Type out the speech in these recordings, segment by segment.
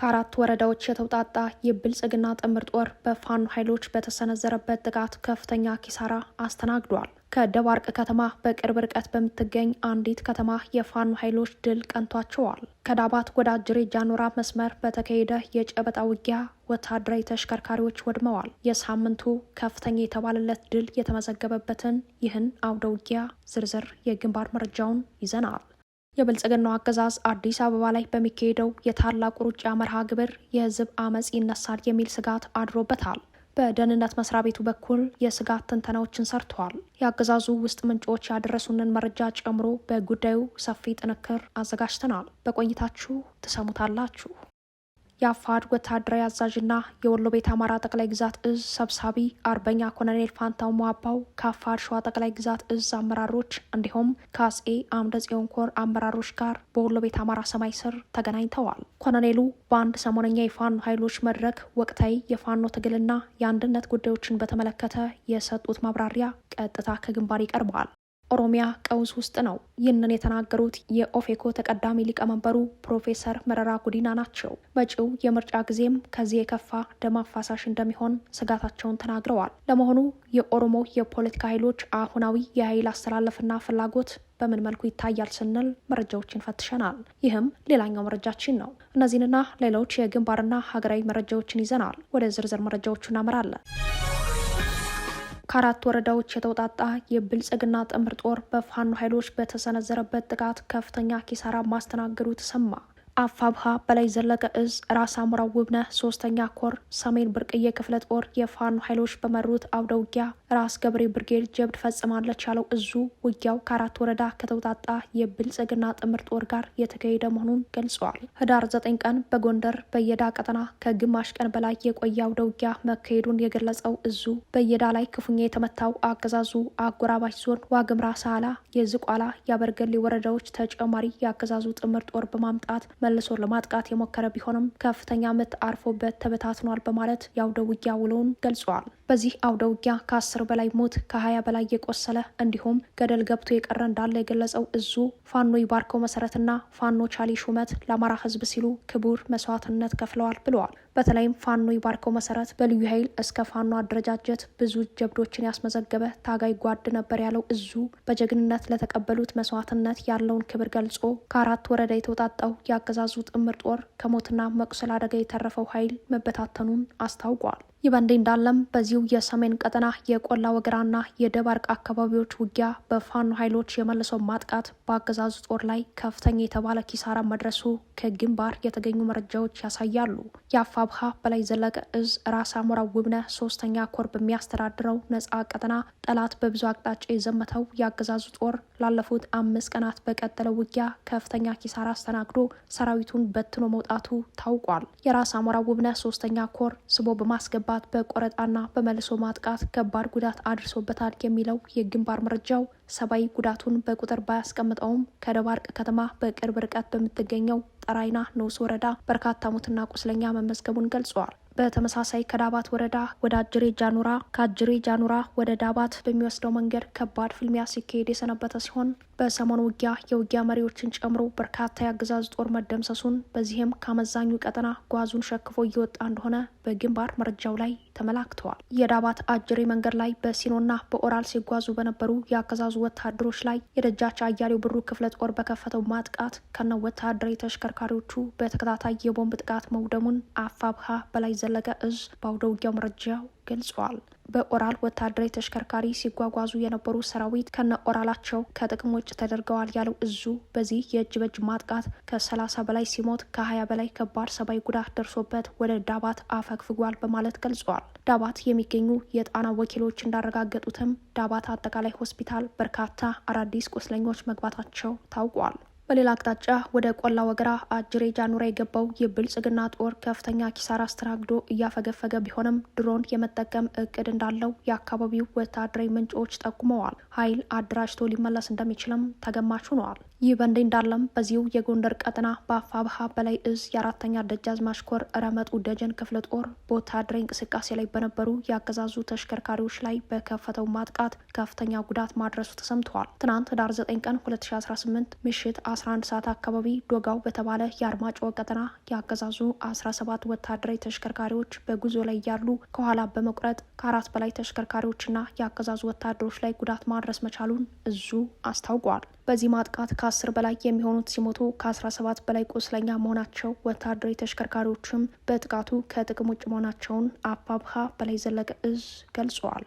ከአራት ወረዳዎች የተውጣጣ የብልጽግና ጥምር ጦር በፋኖ ኃይሎች በተሰነዘረበት ጥቃት ከፍተኛ ኪሳራ አስተናግዷል። ከደባርቅ ከተማ በቅርብ ርቀት በምትገኝ አንዲት ከተማ የፋኖ ኃይሎች ድል ቀንቷቸዋል። ከዳባት ወደ አጅሬ ጃኖራ መስመር በተካሄደ የጨበጣ ውጊያ ወታደራዊ ተሽከርካሪዎች ወድመዋል። የሳምንቱ ከፍተኛ የተባለለት ድል የተመዘገበበትን ይህን አውደ ውጊያ ዝርዝር የግንባር መረጃውን ይዘናል። የብልጽግናው አገዛዝ አዲስ አበባ ላይ በሚካሄደው የታላቁ ሩጫ መርሃ ግብር የህዝብ አመፅ ይነሳል የሚል ስጋት አድሮበታል። በደህንነት መስሪያ ቤቱ በኩል የስጋት ትንተናዎችን ሰርተዋል። የአገዛዙ ውስጥ ምንጮች ያደረሱንን መረጃ ጨምሮ በጉዳዩ ሰፊ ጥንክር አዘጋጅተናል። በቆይታችሁ ትሰሙታላችሁ። የአፋድ ወታደራዊ አዛዥና የወሎ ቤት አማራ ጠቅላይ ግዛት እዝ ሰብሳቢ አርበኛ ኮሎኔል ፋንታው ሟባው ከአፋድ ሸዋ ጠቅላይ ግዛት እዝ አመራሮች እንዲሁም ከአጼ አምደ ጽዮን ኮር አመራሮች ጋር በወሎ ቤት አማራ ሰማይ ስር ተገናኝተዋል። ኮሎኔሉ በአንድ ሰሞነኛ የፋኖ ኃይሎች መድረክ ወቅታዊ የፋኖ ትግልና የአንድነት ጉዳዮችን በተመለከተ የሰጡት ማብራሪያ ቀጥታ ከግንባር ይቀርበዋል። ኦሮሚያ ቀውስ ውስጥ ነው። ይህንን የተናገሩት የኦፌኮ ተቀዳሚ ሊቀመንበሩ ፕሮፌሰር መረራ ጉዲና ናቸው። መጪው የምርጫ ጊዜም ከዚህ የከፋ ደም አፋሳሽ እንደሚሆን ስጋታቸውን ተናግረዋል። ለመሆኑ የኦሮሞ የፖለቲካ ኃይሎች አሁናዊ የኃይል አስተላለፍና ፍላጎት በምን መልኩ ይታያል ስንል መረጃዎችን ፈትሸናል። ይህም ሌላኛው መረጃችን ነው። እነዚህንና ሌሎች የግንባርና ሀገራዊ መረጃዎችን ይዘናል። ወደ ዝርዝር መረጃዎቹ እናመራለን። ከአራት ወረዳዎች የተውጣጣ የብልጽግና ጥምር ጦር በፋኖ ኃይሎች በተሰነዘረበት ጥቃት ከፍተኛ ኪሳራ ማስተናገዱ ተሰማ። አፋብሃ በላይ ዘለቀ እዝ ራስ አሙራ ውብነህ ሶስተኛ ኮር ሰሜን ብርቅዬ ክፍለ ጦር የፋኖ ኃይሎች በመሩት አውደ ውጊያ ራስ ገብሬ ብርጌድ ጀብድ ፈጽማለች ያለው እዙ ውጊያው ከአራት ወረዳ ከተውጣጣ የብልጽግና ጥምር ጦር ጋር የተካሄደ መሆኑን ገልጸዋል። ህዳር ዘጠኝ ቀን በጎንደር በየዳ ቀጠና ከግማሽ ቀን በላይ የቆየ አውደ ውጊያ መካሄዱን የገለጸው እዙ በየዳ ላይ ክፉኛ የተመታው አገዛዙ አጎራባች ዞን ዋግምራ ሳላ፣ የዝቋላ፣ የአበርገሌ ወረዳዎች ተጨማሪ የአገዛዙ ጥምር ጦር በማምጣት መልሶ ለማጥቃት የሞከረ ቢሆንም ከፍተኛ ምት አርፎበት ተበታትኗል በማለት የአውደ ውጊያ ውሎውን ገልጸዋል። በዚህ አውደ ውጊያ ከአስር በላይ ሞት ከሀያ በላይ የቆሰለ እንዲሁም ገደል ገብቶ የቀረ እንዳለ የገለጸው እዙ ፋኖ ይባርከው መሰረትና ፋኖ ቻሊ ሹመት ለአማራ ህዝብ ሲሉ ክቡር መስዋዕትነት ከፍለዋል ብለዋል። በተለይም ፋኖ ይባርከው መሰረት በልዩ ኃይል እስከ ፋኖ አደረጃጀት ብዙ ጀብዶችን ያስመዘገበ ታጋይ ጓድ ነበር ያለው እዙ በጀግንነት ለተቀበሉት መስዋዕትነት ያለውን ክብር ገልጾ ከአራት ወረዳ የተውጣጣው የአገዛዙ ጥምር ጦር ከሞትና መቁሰል አደጋ የተረፈው ኃይል መበታተኑን አስታውቋል። ይህ በእንዲህ እንዳለም በዚሁ የሰሜን ቀጠና የቆላ ወገራና የደባርቅ አካባቢዎች ውጊያ በፋኖ ኃይሎች የመልሰው ማጥቃት በአገዛዙ ጦር ላይ ከፍተኛ የተባለ ኪሳራ መድረሱ ከግንባር የተገኙ መረጃዎች ያሳያሉ። የአፋብሃ በላይ ዘለቀ እዝ ራስ አሞራ ውብነ ሶስተኛ ኮር በሚያስተዳድረው ነጻ ቀጠና ጠላት በብዙ አቅጣጫ የዘመተው የአገዛዙ ጦር ላለፉት አምስት ቀናት በቀጠለው ውጊያ ከፍተኛ ኪሳራ አስተናግዶ ሰራዊቱን በትኖ መውጣቱ ታውቋል። የራስ አሞራ ውብነ ሶስተኛ ኮር ስቦ በማስገባ በመገንባት በቆረጣና በመልሶ ማጥቃት ከባድ ጉዳት አድርሶበታል የሚለው የግንባር መረጃው ሰብአዊ ጉዳቱን በቁጥር ባያስቀምጠውም ከደባርቅ ከተማ በቅርብ ርቀት በምትገኘው ጠራይና ንዑስ ወረዳ በርካታ ሙትና ቁስለኛ መመዝገቡን ገልጿል። በተመሳሳይ ከዳባት ወረዳ ወደ አጅሬ ጃኑራ፣ ከአጅሬ ጃኑራ ወደ ዳባት በሚወስደው መንገድ ከባድ ፍልሚያ ሲካሄድ የሰነበተ ሲሆን በሰሞኑ ውጊያ የውጊያ መሪዎችን ጨምሮ በርካታ የአገዛዝ ጦር መደምሰሱን በዚህም ከአመዛኙ ቀጠና ጓዙን ሸክፎ እየወጣ እንደሆነ በግንባር መረጃው ላይ ተመላክተዋል። የዳባት አጅሬ መንገድ ላይ በሲኖና በኦራል ሲጓዙ በነበሩ የአገዛዙ ወታደሮች ላይ የደጃች አያሌው ብሩ ክፍለ ጦር በከፈተው ማጥቃት ከነ ወታደራዊ ተሽከርካሪዎቹ በተከታታይ የቦምብ ጥቃት መውደሙን አፋብሃ በላይ ዘለቀ እዝ በአውደ ውጊያው መረጃው ገልጿል። በኦራል ወታደራዊ ተሽከርካሪ ሲጓጓዙ የነበሩ ሰራዊት ከነ ኦራላቸው ከጥቅም ውጭ ተደርገዋል ያለው እዙ በዚህ የእጅ በእጅ ማጥቃት ከሰላሳ በላይ ሲሞት ከሀያ በላይ ከባድ ሰብአዊ ጉዳት ደርሶበት ወደ ዳባት አፈግፍጓል በማለት ገልጸዋል። ዳባት የሚገኙ የጣና ወኪሎች እንዳረጋገጡትም ዳባት አጠቃላይ ሆስፒታል በርካታ አዳዲስ ቁስለኞች መግባታቸው ታውቋል። በሌላ አቅጣጫ ወደ ቆላ ወገራ አጅሬ ጃኑራ የገባው የብልጽግና ጦር ከፍተኛ ኪሳራ አስተናግዶ እያፈገፈገ ቢሆንም ድሮን የመጠቀም እቅድ እንዳለው የአካባቢው ወታደራዊ ምንጮች ጠቁመዋል። ኃይል አደራጅቶ ሊመለስ እንደሚችልም ተገማች ሆነዋል። ይህ በእንዲህ እንዳለም በዚሁ የጎንደር ቀጠና በአፋብሃ በላይ እዝ የአራተኛ ደጃዝማች ኮር ረመጡ ደጀን ክፍለ ጦር በወታደራዊ እንቅስቃሴ ላይ በነበሩ የአገዛዙ ተሽከርካሪዎች ላይ በከፈተው ማጥቃት ከፍተኛ ጉዳት ማድረሱ ተሰምተዋል። ትናንት ህዳር 9 ቀን 2018 ምሽት 11 ሰዓት አካባቢ ዶጋው በተባለ የአርማጭሆ ቀጠና የአገዛዙ 17 ወታደራዊ ተሽከርካሪዎች በጉዞ ላይ ያሉ ከኋላ በመቁረጥ ከአራት በላይ ተሽከርካሪዎችና የአገዛዙ ወታደሮች ላይ ጉዳት ማድረስ መቻሉን እዙ አስታውቋል። በዚህ ማጥቃት ከ ከአስር በላይ የሚሆኑት ሲሞቱ ከ17 በላይ ቁስለኛ መሆናቸው ወታደራዊ ተሽከርካሪዎችም በጥቃቱ ከጥቅም ውጭ መሆናቸውን አፋብሃ በላይ ዘለቀ እዝ ገልጸዋል።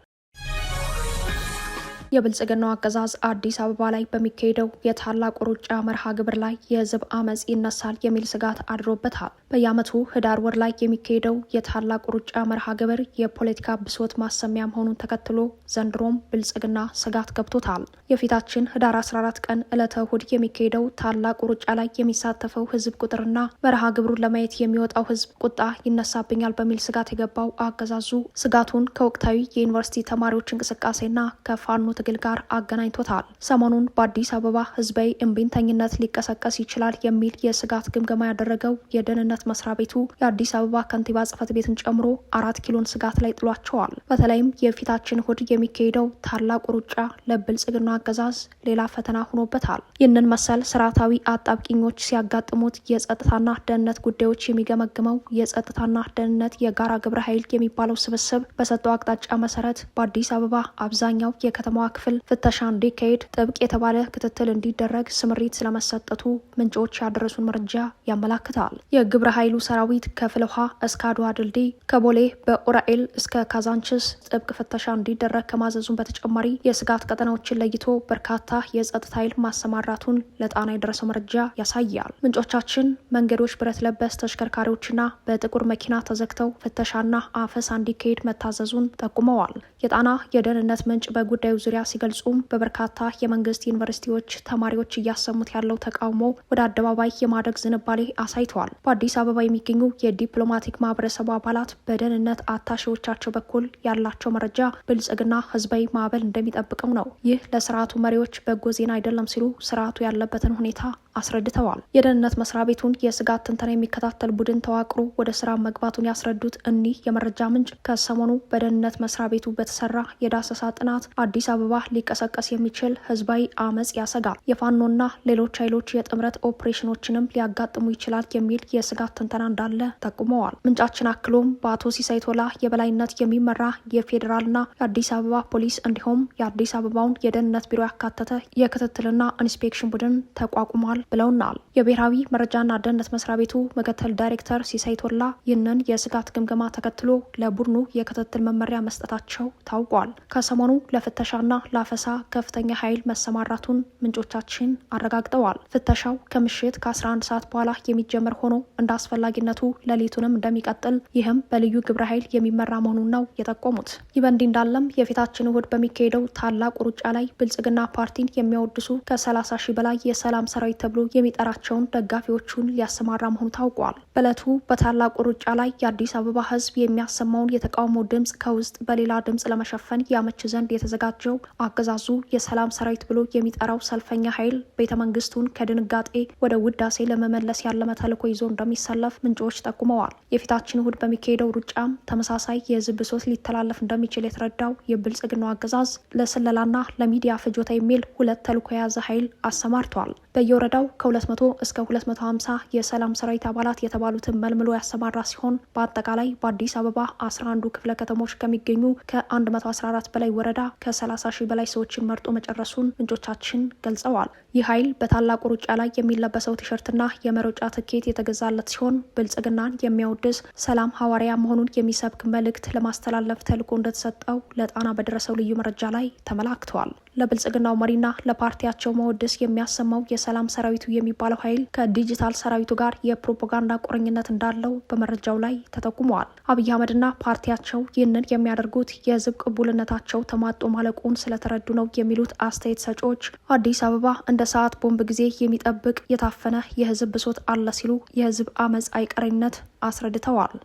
የብልጽግናው አገዛዝ አዲስ አበባ ላይ በሚካሄደው የታላቁ ሩጫ መርሃ ግብር ላይ የህዝብ አመፅ ይነሳል የሚል ስጋት አድሮበታል። በየዓመቱ ህዳር ወር ላይ የሚካሄደው የታላቁ ሩጫ መርሃ ግብር የፖለቲካ ብሶት ማሰሚያ መሆኑን ተከትሎ ዘንድሮም ብልጽግና ስጋት ገብቶታል። የፊታችን ህዳር 14 ቀን ዕለተ እሁድ የሚካሄደው ታላቁ ሩጫ ላይ የሚሳተፈው ህዝብ ቁጥርና መርሃ ግብሩን ለማየት የሚወጣው ህዝብ ቁጣ ይነሳብኛል በሚል ስጋት የገባው አገዛዙ ስጋቱን ከወቅታዊ የዩኒቨርሲቲ ተማሪዎች እንቅስቃሴና ከፋኖ ትግል ጋር አገናኝቶታል። ሰሞኑን በአዲስ አበባ ህዝባዊ እምቢተኝነት ሊቀሰቀስ ይችላል የሚል የስጋት ግምገማ ያደረገው የደህንነት የደህንነት መስሪያ ቤቱ የአዲስ አበባ ከንቲባ ጽህፈት ቤትን ጨምሮ አራት ኪሎን ስጋት ላይ ጥሏቸዋል። በተለይም የፊታችን እሁድ የሚካሄደው ታላቁ ሩጫ ለብልጽግና አገዛዝ ሌላ ፈተና ሆኖበታል። ይህንን መሰል ስርዓታዊ አጣብቂኞች ሲያጋጥሙት የጸጥታና ደህንነት ጉዳዮች የሚገመግመው የጸጥታና ደህንነት የጋራ ግብረ ኃይል የሚባለው ስብስብ በሰጠው አቅጣጫ መሰረት በአዲስ አበባ አብዛኛው የከተማዋ ክፍል ፍተሻ እንዲካሄድ ጥብቅ የተባለ ክትትል እንዲደረግ ስምሪት ስለመሰጠቱ ምንጮች ያደረሱን መረጃ ያመላክታል። የግብረ በኃይሉ ሰራዊት ከፍልውሃ እስከ አድዋ ድልድይ ከቦሌ በኡራኤል እስከ ካዛንችስ ጥብቅ ፍተሻ እንዲደረግ ከማዘዙን በተጨማሪ የስጋት ቀጠናዎችን ለይቶ በርካታ የጸጥታ ኃይል ማሰማራቱን ለጣና የደረሰው መረጃ ያሳያል። ምንጮቻችን መንገዶች ብረት ለበስ ተሽከርካሪዎችና በጥቁር መኪና ተዘግተው ፍተሻና አፈሳ እንዲካሄድ መታዘዙን ጠቁመዋል። የጣና የደህንነት ምንጭ በጉዳዩ ዙሪያ ሲገልጹም በበርካታ የመንግስት ዩኒቨርሲቲዎች ተማሪዎች እያሰሙት ያለው ተቃውሞ ወደ አደባባይ የማደግ ዝንባሌ አሳይተዋል። በአዲስ አበባ የሚገኙ የዲፕሎማቲክ ማህበረሰቡ አባላት በደህንነት አታሺዎቻቸው በኩል ያላቸው መረጃ ብልጽግና ህዝባዊ ማዕበል እንደሚጠብቀው ነው። ይህ ለስርዓቱ መሪዎች በጎ ዜና አይደለም ሲሉ ስርዓቱ ያለበትን ሁኔታ አስረድተዋል። የደህንነት መስሪያ ቤቱን የስጋት ትንተና የሚከታተል ቡድን ተዋቅሮ ወደ ስራ መግባቱን ያስረዱት እኒህ የመረጃ ምንጭ ከሰሞኑ በደህንነት መስሪያ ቤቱ በተሰራ የዳሰሳ ጥናት አዲስ አበባ ሊቀሰቀስ የሚችል ህዝባዊ አመፅ ያሰጋል፣ የፋኖና ሌሎች ኃይሎች የጥምረት ኦፕሬሽኖችንም ሊያጋጥሙ ይችላል የሚል የስጋት ትንተና እንዳለ ጠቁመዋል። ምንጫችን አክሎም በአቶ ሲሳይ ቶላ የበላይነት የሚመራ የፌዴራልና የአዲስ አበባ ፖሊስ እንዲሁም የአዲስ አበባውን የደህንነት ቢሮ ያካተተ የክትትልና ኢንስፔክሽን ቡድን ተቋቁሟል ተደርጓል ብለውናል። የብሔራዊ መረጃና ደህንነት መስሪያ ቤቱ ምክትል ዳይሬክተር ሲሳይ ቶላ ይህንን የስጋት ግምገማ ተከትሎ ለቡድኑ የክትትል መመሪያ መስጠታቸው ታውቋል። ከሰሞኑ ለፍተሻና ለአፈሳ ከፍተኛ ኃይል መሰማራቱን ምንጮቻችን አረጋግጠዋል። ፍተሻው ከምሽት ከ11 ሰዓት በኋላ የሚጀመር ሆኖ እንደ አስፈላጊነቱ ሌሊቱንም እንደሚቀጥል ይህም በልዩ ግብረ ኃይል የሚመራ መሆኑን ነው የጠቆሙት። ይህ በእንዲህ እንዳለም የፊታችን እሁድ በሚካሄደው ታላቁ ሩጫ ላይ ብልጽግና ፓርቲን የሚያወድሱ ከ30 ሺህ በላይ የሰላም ሰራዊት ተብሎ የሚጠራቸውን ደጋፊዎቹን ሊያሰማራ መሆኑ ታውቋል። በእለቱ በታላቁ ሩጫ ላይ የአዲስ አበባ ሕዝብ የሚያሰማውን የተቃውሞ ድምፅ ከውስጥ በሌላ ድምፅ ለመሸፈን ያመች ዘንድ የተዘጋጀው አገዛዙ የሰላም ሰራዊት ብሎ የሚጠራው ሰልፈኛ ኃይል ቤተ መንግስቱን ከድንጋጤ ወደ ውዳሴ ለመመለስ ያለመ ተልዕኮ ይዞ እንደሚሰለፍ ምንጮች ጠቁመዋል። የፊታችን እሁድ በሚካሄደው ሩጫም ተመሳሳይ የህዝብ ብሶት ሊተላለፍ እንደሚችል የተረዳው የብልጽግናው አገዛዝ ለስለላና ለሚዲያ ፍጆታ የሚል ሁለት ተልዕኮ የያዘ ኃይል አሰማርቷል። በየወረዳ ሻለቃው ከ200 እስከ 250 የሰላም ሰራዊት አባላት የተባሉትን መልምሎ ያሰማራ ሲሆን በአጠቃላይ በአዲስ አበባ 11ዱ ክፍለ ከተሞች ከሚገኙ ከ114 በላይ ወረዳ ከ30 ሺህ በላይ ሰዎችን መርጦ መጨረሱን ምንጮቻችን ገልጸዋል። ይህ ኃይል በታላቁ ሩጫ ላይ የሚለበሰው ቲሸርትና የመሮጫ ትኬት የተገዛለት ሲሆን ብልጽግናን የሚያወድስ ሰላም ሐዋርያ መሆኑን የሚሰብክ መልእክት ለማስተላለፍ ተልዕኮ እንደተሰጠው ለጣና በደረሰው ልዩ መረጃ ላይ ተመላክተዋል። ለብልጽግናው መሪና ለፓርቲያቸው መወድስ የሚያሰማው የሰላም ሰራዊት ሰራዊቱ የሚባለው ኃይል ከዲጂታል ሰራዊቱ ጋር የፕሮፓጋንዳ ቁርኝነት እንዳለው በመረጃው ላይ ተጠቁመዋል። አብይ አህመድና ፓርቲያቸው ይህንን የሚያደርጉት የህዝብ ቅቡልነታቸው ተማጦ ማለቁን ስለተረዱ ነው የሚሉት አስተያየት ሰጪዎች አዲስ አበባ እንደ ሰዓት ቦምብ ጊዜ የሚጠብቅ የታፈነ የህዝብ ብሶት አለ ሲሉ የህዝብ አመፅ አይቀሬነት አስረድተዋል።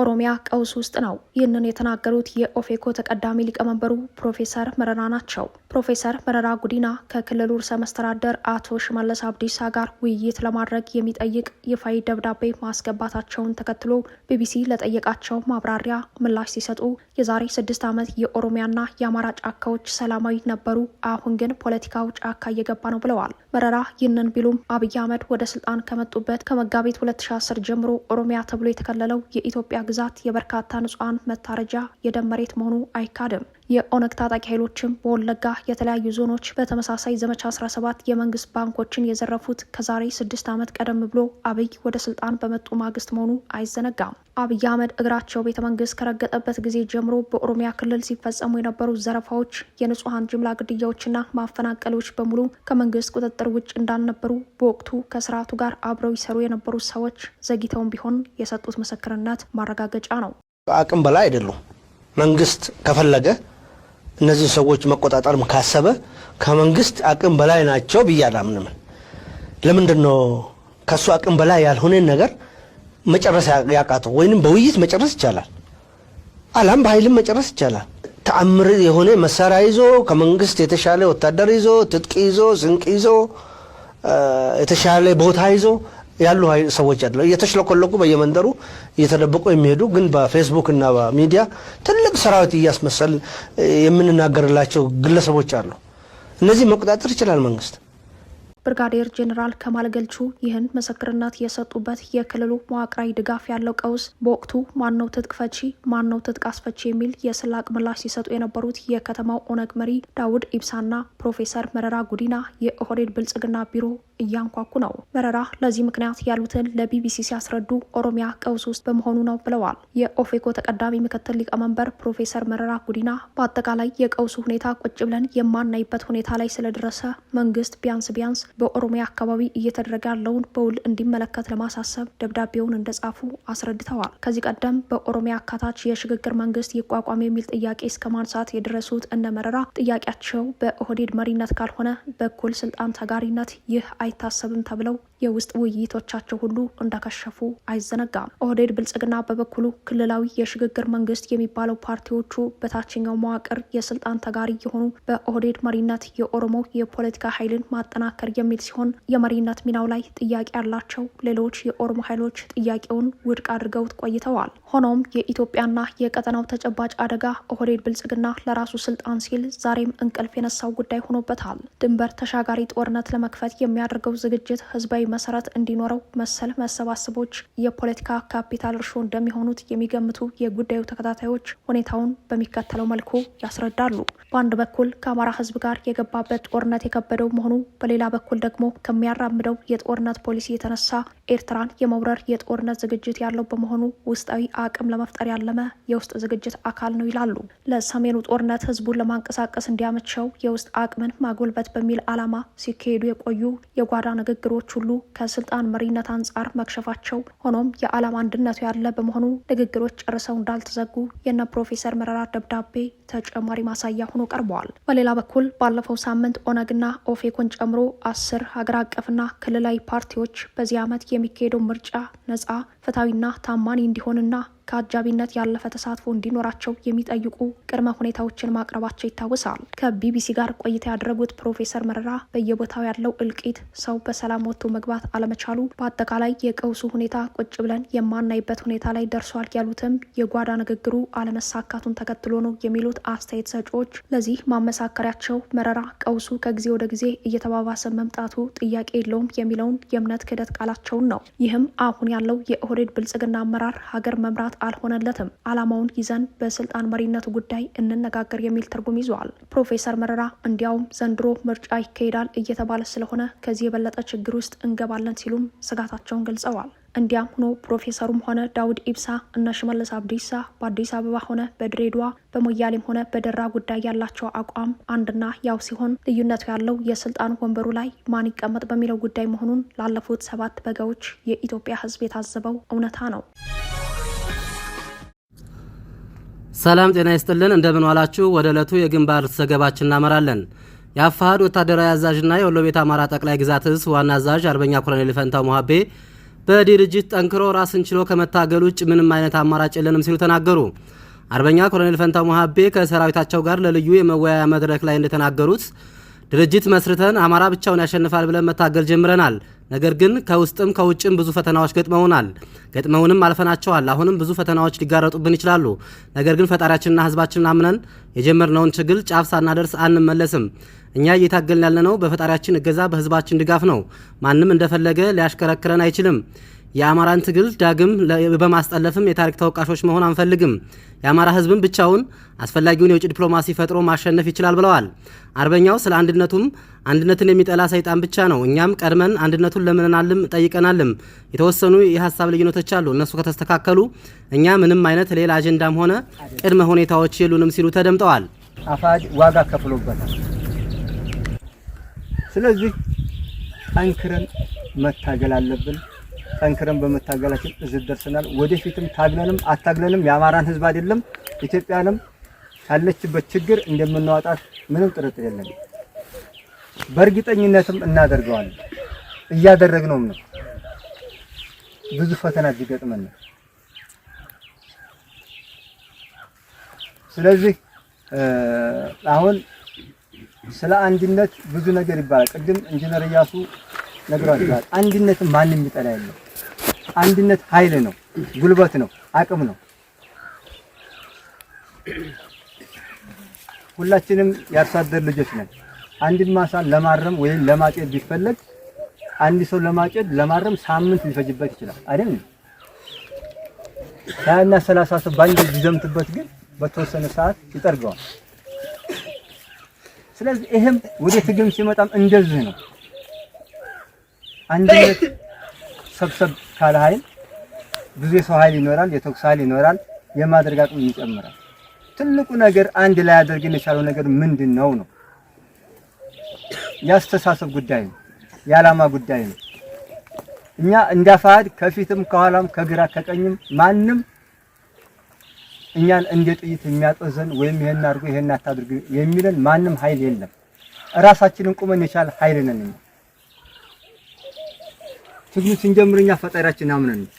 ኦሮሚያ ቀውስ ውስጥ ነው። ይህንን የተናገሩት የኦፌኮ ተቀዳሚ ሊቀመንበሩ ፕሮፌሰር መረራ ናቸው። ፕሮፌሰር መረራ ጉዲና ከክልሉ ርዕሰ መስተዳደር አቶ ሽመለስ አብዲሳ ጋር ውይይት ለማድረግ የሚጠይቅ ይፋዊ ደብዳቤ ማስገባታቸውን ተከትሎ ቢቢሲ ለጠየቃቸው ማብራሪያ ምላሽ ሲሰጡ የዛሬ ስድስት ዓመት የኦሮሚያና የአማራ ጫካዎች ሰላማዊ ነበሩ፣ አሁን ግን ፖለቲካው ጫካ እየገባ ነው ብለዋል። መረራ ይህንን ቢሉም አብይ አህመድ ወደ ስልጣን ከመጡበት ከመጋቢት 2010 ጀምሮ ኦሮሚያ ተብሎ የተከለለው የኢትዮጵያ ግዛት የበርካታ ንጹሐን መታረጃ የደም መሬት መሆኑ አይካድም። የኦነግ ታጣቂ ኃይሎችም በወለጋ የተለያዩ ዞኖች በተመሳሳይ ዘመቻ 17 የመንግስት ባንኮችን የዘረፉት ከዛሬ ስድስት ዓመት ቀደም ብሎ አብይ ወደ ስልጣን በመጡ ማግስት መሆኑ አይዘነጋም። አብይ አህመድ እግራቸው ቤተ መንግስት ከረገጠበት ጊዜ ጀምሮ በኦሮሚያ ክልል ሲፈጸሙ የነበሩ ዘረፋዎች፣ የንጹሐን ጅምላ ግድያዎችና ማፈናቀሎች በሙሉ ከመንግስት ቁጥጥር ውጭ እንዳልነበሩ በወቅቱ ከስርዓቱ ጋር አብረው ይሰሩ የነበሩ ሰዎች ዘግይተውም ቢሆን የሰጡት ምስክርነት ማረጋገጫ ነው። አቅም በላይ አይደሉም። መንግስት ከፈለገ እነዚህን ሰዎች መቆጣጠርም ካሰበ ከመንግስት አቅም በላይ ናቸው ብዬ አላምንም። ለምንድን ነው ከእሱ አቅም በላይ ያልሆነን ነገር መጨረስ ያቃተው? ወይንም በውይይት መጨረስ ይቻላል፣ አላም በኃይልም መጨረስ ይቻላል። ተአምር የሆነ መሳሪያ ይዞ ከመንግስት የተሻለ ወታደር ይዞ ትጥቅ ይዞ ስንቅ ይዞ የተሻለ ቦታ ይዞ ያሉ ሰዎች አለ እየተሽለኮለኩ በየመንደሩ እየተደበቁ የሚሄዱ ግን በፌስቡክ እና በሚዲያ ትልቅ ሰራዊት እያስመሰል የምንናገርላቸው ግለሰቦች አሉ። እነዚህ መቆጣጠር ይችላል መንግስት። ብርጋዴር ጄኔራል ከማል ገልቹ ይህን ምስክርነት የሰጡበት የክልሉ መዋቅራዊ ድጋፍ ያለው ቀውስ በወቅቱ ማነው ትጥቅ ፈቺ ማነው ትጥቅ አስፈቺ የሚል የስላቅ ምላሽ ሲሰጡ የነበሩት የከተማው ኦነግ መሪ ዳውድ ኢብሳና ፕሮፌሰር መረራ ጉዲና የኦህዴድ ብልጽግና ቢሮ እያንኳኩ ነው። መረራ ለዚህ ምክንያት ያሉትን ለቢቢሲ ሲያስረዱ ኦሮሚያ ቀውስ ውስጥ በመሆኑ ነው ብለዋል። የኦፌኮ ተቀዳሚ ምክትል ሊቀመንበር ፕሮፌሰር መረራ ጉዲና በአጠቃላይ የቀውሱ ሁኔታ ቁጭ ብለን የማናይበት ሁኔታ ላይ ስለደረሰ መንግስት ቢያንስ ቢያንስ በኦሮሚያ አካባቢ እየተደረገ ያለውን በውል እንዲመለከት ለማሳሰብ ደብዳቤውን እንደጻፉ አስረድተዋል። ከዚህ ቀደም በኦሮሚያ አካታች የሽግግር መንግስት ይቋቋም የሚል ጥያቄ እስከ ማንሳት የደረሱት እነ መረራ ጥያቄያቸው በኦህዴድ መሪነት ካልሆነ በኩል ስልጣን ተጋሪነት ይህ አይታሰብም ተብለው የውስጥ ውይይቶቻቸው ሁሉ እንደከሸፉ አይዘነጋም። ኦህዴድ ብልጽግና በበኩሉ ክልላዊ የሽግግር መንግስት የሚባለው ፓርቲዎቹ በታችኛው መዋቅር የስልጣን ተጋሪ የሆኑ በኦህዴድ መሪነት የኦሮሞ የፖለቲካ ኃይልን ማጠናከር የሚል ሲሆን የመሪነት ሚናው ላይ ጥያቄ ያላቸው ሌሎች የኦሮሞ ኃይሎች ጥያቄውን ውድቅ አድርገውት ቆይተዋል። ሆኖም የኢትዮጵያና የቀጠናው ተጨባጭ አደጋ ኦህዴድ ብልጽግና ለራሱ ስልጣን ሲል ዛሬም እንቅልፍ የነሳው ጉዳይ ሆኖበታል። ድንበር ተሻጋሪ ጦርነት ለመክፈት የሚያደርገው ዝግጅት ህዝባዊ መሰረት እንዲኖረው መሰል መሰባሰቦች የፖለቲካ ካፒታል እርሾ እንደሚሆኑት የሚገምቱ የጉዳዩ ተከታታዮች ሁኔታውን በሚከተለው መልኩ ያስረዳሉ። በአንድ በኩል ከአማራ ህዝብ ጋር የገባበት ጦርነት የከበደው መሆኑ፣ በሌላ በኩል ደግሞ ከሚያራምደው የጦርነት ፖሊሲ የተነሳ ኤርትራን የመውረር የጦርነት ዝግጅት ያለው በመሆኑ ውስጣዊ አቅም ለመፍጠር ያለመ የውስጥ ዝግጅት አካል ነው ይላሉ። ለሰሜኑ ጦርነት ህዝቡን ለማንቀሳቀስ እንዲያመቸው የውስጥ አቅምን ማጎልበት በሚል ዓላማ ሲካሄዱ የቆዩ የጓዳ ንግግሮች ሁሉ ከስልጣን መሪነት አንጻር መክሸፋቸው፣ ሆኖም የዓላማ አንድነቱ ያለ በመሆኑ ንግግሮች ጨርሰው እንዳልተዘጉ የነ ፕሮፌሰር መረራ ደብዳቤ ተጨማሪ ማሳያ ሆኖ ቀርበዋል። በሌላ በኩል ባለፈው ሳምንት ኦነግና ኦፌኮን ጨምሮ አስር ሀገር አቀፍና ክልላዊ ፓርቲዎች በዚህ ዓመት የሚካሄደው ምርጫ ነጻ ፍትሐዊና ታማኒ እንዲሆንና ከአጃቢነት ያለፈ ተሳትፎ እንዲኖራቸው የሚጠይቁ ቅድመ ሁኔታዎችን ማቅረባቸው ይታወሳል። ከቢቢሲ ጋር ቆይታ ያደረጉት ፕሮፌሰር መረራ በየቦታው ያለው እልቂት፣ ሰው በሰላም ወጥቶ መግባት አለመቻሉ፣ በአጠቃላይ የቀውሱ ሁኔታ ቁጭ ብለን የማናይበት ሁኔታ ላይ ደርሷል ያሉትም የጓዳ ንግግሩ አለመሳካቱን ተከትሎ ነው የሚሉት አስተያየት ሰጪዎች ለዚህ ማመሳከሪያቸው መረራ ቀውሱ ከጊዜ ወደ ጊዜ እየተባባሰ መምጣቱ ጥያቄ የለውም የሚለውን የእምነት ክህደት ቃላቸውን ነው። ይህም አሁን ያለው የኦህዴድ ብልጽግና አመራር ሀገር መምራት አልሆነለትም። ዓላማውን ይዘን በስልጣን መሪነቱ ጉዳይ እንነጋገር የሚል ትርጉም ይዘዋል። ፕሮፌሰር መረራ እንዲያውም ዘንድሮ ምርጫ ይካሄዳል እየተባለ ስለሆነ ከዚህ የበለጠ ችግር ውስጥ እንገባለን ሲሉም ስጋታቸውን ገልጸዋል። እንዲያም ሆኖ ፕሮፌሰሩም ሆነ ዳውድ ኢብሳ እነ ሽመልስ አብዲሳ በአዲስ አበባ ሆነ በድሬዳዋ በሞያሌም ሆነ በደራ ጉዳይ ያላቸው አቋም አንድና ያው ሲሆን ልዩነቱ ያለው የስልጣን ወንበሩ ላይ ማን ይቀመጥ በሚለው ጉዳይ መሆኑን ላለፉት ሰባት በጋዎች የኢትዮጵያ ሕዝብ የታዘበው እውነታ ነው። ሰላም ጤና ይስጥልን፣ እንደምን ዋላችሁ። ወደ ዕለቱ የግንባር ዘገባችን እናመራለን። የአፋሕድ ወታደራዊ አዛዥና የወሎ ቤት አማራ ጠቅላይ ግዛት እዝ ዋና አዛዥ አርበኛ ኮሎኔል ፈንታው ሙሀቤ በድርጅት ጠንክሮ ራስን ችሎ ከመታገል ውጭ ምንም አይነት አማራጭ የለንም ሲሉ ተናገሩ። አርበኛ ኮሎኔል ፈንታው ሙሀቤ ከሰራዊታቸው ጋር ለልዩ የመወያያ መድረክ ላይ እንደተናገሩት ድርጅት መስርተን አማራ ብቻውን ያሸንፋል ብለን መታገል ጀምረናል። ነገር ግን ከውስጥም ከውጭም ብዙ ፈተናዎች ገጥመውናል። ገጥመውንም አልፈናቸዋል። አሁንም ብዙ ፈተናዎች ሊጋረጡብን ይችላሉ። ነገር ግን ፈጣሪያችንና ሕዝባችንን አምነን የጀመርነውን ትግል ጫፍ ሳናደርስ አንመለስም። እኛ እየታገልን ያለነው በፈጣሪያችን እገዛ፣ በሕዝባችን ድጋፍ ነው። ማንም እንደፈለገ ሊያሽከረክረን አይችልም። የአማራን ትግል ዳግም በማስጠለፍም የታሪክ ተወቃሾች መሆን አንፈልግም። የአማራ ህዝብም ብቻውን አስፈላጊውን የውጭ ዲፕሎማሲ ፈጥሮ ማሸነፍ ይችላል ብለዋል። አርበኛው ስለ አንድነቱም አንድነትን የሚጠላ ሰይጣን ብቻ ነው። እኛም ቀድመን አንድነቱን ለምንናልም ጠይቀናልም። የተወሰኑ የሀሳብ ልዩነቶች አሉ። እነሱ ከተስተካከሉ እኛ ምንም አይነት ሌላ አጀንዳም ሆነ ቅድመ ሁኔታዎች የሉንም ሲሉ ተደምጠዋል። አፋሕድ ዋጋ ከፍሎበታል። ስለዚህ ጠንክረን መታገል አለብን። ጠንክረን በመታገላችን እዚህ ደርሰናል። ወደፊትም ታግለንም አታግለንም የአማራን ህዝብ አይደለም ኢትዮጵያንም ካለችበት ችግር እንደምናወጣት ምንም ጥርጥር የለም። በእርግጠኝነትም እናደርገዋለን። እያደረግነውም ነው። ብዙ ፈተና ቢገጥመን ነው። ስለዚህ አሁን ስለ አንድነት ብዙ ነገር ይባላል። ቅድም ኢንጂነር እያሱ ነግሯቸዋል። አንድነት ማንም የሚጠላ የለም። አንድነት ኃይል ነው፣ ጉልበት ነው፣ አቅም ነው። ሁላችንም የአርሶ አደር ልጆች ነን። አንድን ማሳ ለማረም ወይም ለማጨድ ቢፈለግ አንድ ሰው ለማጨድ ለማረም ሳምንት ሊፈጅበት ይችላል አይደል? ሀያና ሰላሳ ሰው በአንድ ቢዘምትበት ግን በተወሰነ ሰዓት ይጠርገዋል። ስለዚህ ይህም ወደ ትግም ሲመጣም እንደዚህ ነው። አንድነት ሰብሰብ ካለ ኃይል ብዙ የሰው ኃይል ይኖራል፣ የተኩስ ኃይል ይኖራል፣ የማድረግ አቅም ይጨምራል። ትልቁ ነገር አንድ ላይ አድርገን የቻለው ነገር ምንድን ነው ነው የአስተሳሰብ ጉዳይ ነው፣ የዓላማ ጉዳይ ነው። እኛ እንዳፋድ ከፊትም ከኋላም ከግራ ከቀኝም ማንም እኛን እንደ ጥይት የሚያጠዘን ወይም ይሄን አድርጎ ይሄን አታድርጉ የሚለን ማንም ኃይል የለም። እራሳችንን ቁመን የቻለ ኃይል ነን። ትግሉ ስንጀምር እኛ ፈጣሪያችን አምነን ነው።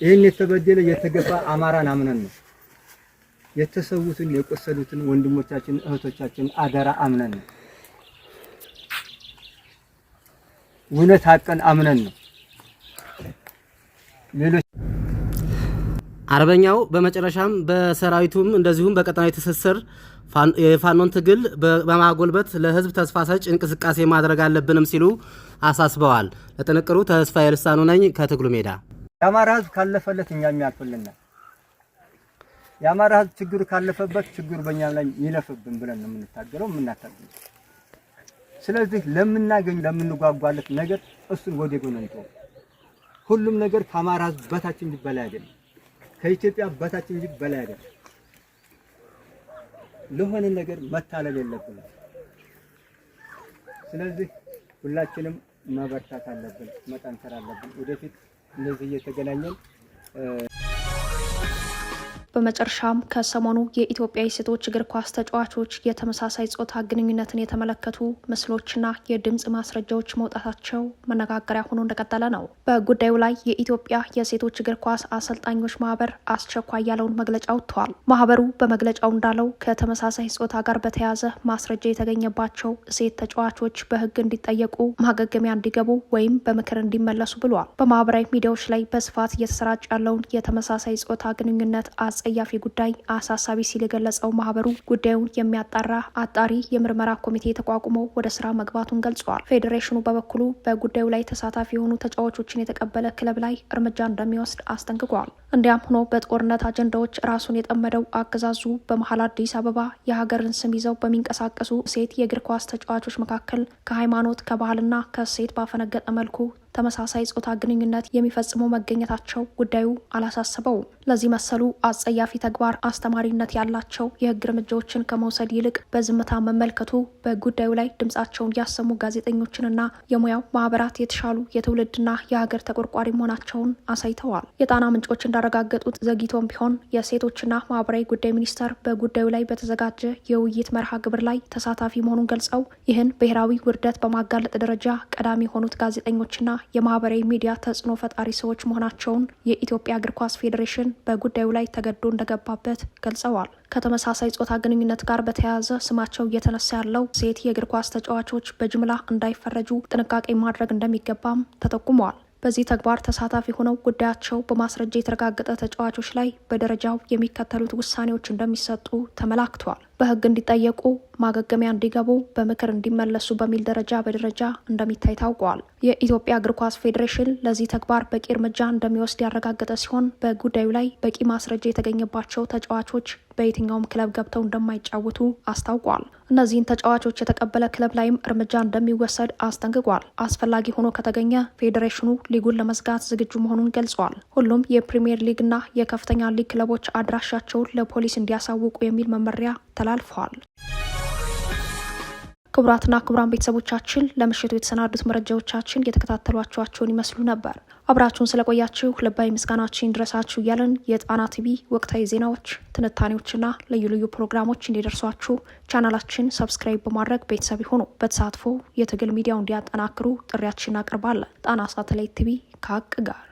ይህን የተበደለ የተገባ አማራን አምነን ነው። የተሰዉትን የቆሰሉትን ወንድሞቻችን እህቶቻችን አደራ አምነን ነው። እውነት አቀን አምነን ነው። ሌሎች አርበኛው በመጨረሻም በሰራዊቱም እንደዚሁም በቀጠናዊ ትስስር የፋኖን ትግል በማጎልበት ለህዝብ ተስፋ ሰጭ እንቅስቃሴ ማድረግ አለብንም ሲሉ አሳስበዋል። ለጥንቅሩ ተስፋ የልሳኑ ነኝ ከትግሉ ሜዳ። የአማራ ህዝብ ካለፈለት እኛ ያልፍልናል። የአማራ ህዝብ ችግሩ ካለፈበት ችግሩ በእኛ ላይ ይለፍብን ብለን ነው የምንታገለው የምናታግ ስለዚህ ለምናገኝ ለምንጓጓለት ነገር እሱን ወደ ጎን እንተው። ሁሉም ነገር ከአማራ ህዝብ በታች እንጂ በላይ አይደለም። ከኢትዮጵያ በታች እንጂ በላይ አይደለም። ለሆነ ነገር መታለል የለብንም። ስለዚህ ሁላችንም መበርታት አለብን፣ መጠንከር አለብን። ወደፊት እንደዚህ እየተገናኘን በመጨረሻም ከሰሞኑ የኢትዮጵያ የሴቶች እግር ኳስ ተጫዋቾች የተመሳሳይ ጾታ ግንኙነትን የተመለከቱ ምስሎችና የድምፅ ማስረጃዎች መውጣታቸው መነጋገሪያ ሆኖ እንደቀጠለ ነው። በጉዳዩ ላይ የኢትዮጵያ የሴቶች እግር ኳስ አሰልጣኞች ማህበር አስቸኳይ ያለውን መግለጫ ወጥተዋል። ማህበሩ በመግለጫው እንዳለው ከተመሳሳይ ጾታ ጋር በተያያዘ ማስረጃ የተገኘባቸው ሴት ተጫዋቾች በህግ እንዲጠየቁ ማገገሚያ እንዲገቡ ወይም በምክር እንዲመለሱ ብሏል። በማህበራዊ ሚዲያዎች ላይ በስፋት እየተሰራጭ ያለውን የተመሳሳይ ጾታ ግንኙነት አጸያፊ ጉዳይ አሳሳቢ ሲል የገለጸው ማህበሩ ጉዳዩን የሚያጣራ አጣሪ የምርመራ ኮሚቴ ተቋቁሞ ወደ ስራ መግባቱን ገልጿል። ፌዴሬሽኑ በበኩሉ በጉዳዩ ላይ ተሳታፊ የሆኑ ተጫዋቾችን የተቀበለ ክለብ ላይ እርምጃ እንደሚወስድ አስጠንቅቋል። እንዲያም ሆኖ በጦርነት አጀንዳዎች ራሱን የጠመደው አገዛዙ በመሀል አዲስ አበባ የሀገርን ስም ይዘው በሚንቀሳቀሱ ሴት የእግር ኳስ ተጫዋቾች መካከል ከሃይማኖት ከባህልና ከሴት ባፈነገጠ መልኩ ተመሳሳይ ጾታ ግንኙነት የሚፈጽሙ መገኘታቸው ጉዳዩ አላሳሰበውም። ለዚህ መሰሉ አጸያፊ ተግባር አስተማሪነት ያላቸው የህግ እርምጃዎችን ከመውሰድ ይልቅ በዝምታ መመልከቱ በጉዳዩ ላይ ድምጻቸውን ያሰሙ ጋዜጠኞችንና የሙያው ማህበራት የተሻሉ የትውልድና የሀገር ተቆርቋሪ መሆናቸውን አሳይተዋል። የጣና ምንጮች እንዳረጋገጡት ዘግይቶም ቢሆን የሴቶችና ማህበራዊ ጉዳይ ሚኒስቴር በጉዳዩ ላይ በተዘጋጀ የውይይት መርሃ ግብር ላይ ተሳታፊ መሆኑን ገልጸው ይህን ብሔራዊ ውርደት በማጋለጥ ደረጃ ቀዳሚ የሆኑት ጋዜጠኞችና የማህበራዊ ሚዲያ ተጽዕኖ ፈጣሪ ሰዎች መሆናቸውን የኢትዮጵያ እግር ኳስ ፌዴሬሽን በጉዳዩ ላይ ተገዶ እንደገባበት ገልጸዋል። ከተመሳሳይ ጾታ ግንኙነት ጋር በተያያዘ ስማቸው እየተነሳ ያለው ሴት የእግር ኳስ ተጫዋቾች በጅምላ እንዳይፈረጁ ጥንቃቄ ማድረግ እንደሚገባም ተጠቁመዋል። በዚህ ተግባር ተሳታፊ ሆነው ጉዳያቸው በማስረጃ የተረጋገጠ ተጫዋቾች ላይ በደረጃው የሚከተሉት ውሳኔዎች እንደሚሰጡ ተመላክቷል። በህግ እንዲጠየቁ ማገገሚያ እንዲገቡ በምክር እንዲመለሱ በሚል ደረጃ በደረጃ እንደሚታይ ታውቋል። የኢትዮጵያ እግር ኳስ ፌዴሬሽን ለዚህ ተግባር በቂ እርምጃ እንደሚወስድ ያረጋገጠ ሲሆን በጉዳዩ ላይ በቂ ማስረጃ የተገኘባቸው ተጫዋቾች በየትኛውም ክለብ ገብተው እንደማይጫወቱ አስታውቋል። እነዚህን ተጫዋቾች የተቀበለ ክለብ ላይም እርምጃ እንደሚወሰድ አስጠንቅቋል። አስፈላጊ ሆኖ ከተገኘ ፌዴሬሽኑ ሊጉን ለመዝጋት ዝግጁ መሆኑን ገልጿል። ሁሉም የፕሪምየር ሊግና የከፍተኛ ሊግ ክለቦች አድራሻቸውን ለፖሊስ እንዲያሳውቁ የሚል መመሪያ ተላልፏል። ክቡራትና ክቡራን ቤተሰቦቻችን ለምሽቱ የተሰናዱት መረጃዎቻችን እየተከታተሏቸኋቸውን ይመስሉ ነበር። አብራችሁን ስለቆያችሁ ልባዊ ምስጋናችን ድረሳችሁ እያለን የጣና ቲቪ ወቅታዊ ዜናዎች፣ ትንታኔዎችና ልዩ ልዩ ፕሮግራሞች እንዲደርሷችሁ ቻናላችን ሰብስክራይብ በማድረግ ቤተሰብ ሆኑ በተሳትፎ የትግል ሚዲያው እንዲያጠናክሩ ጥሪያችን እናቀርባለን። ጣና ሳተላይት ቲቪ ከሀቅ ጋር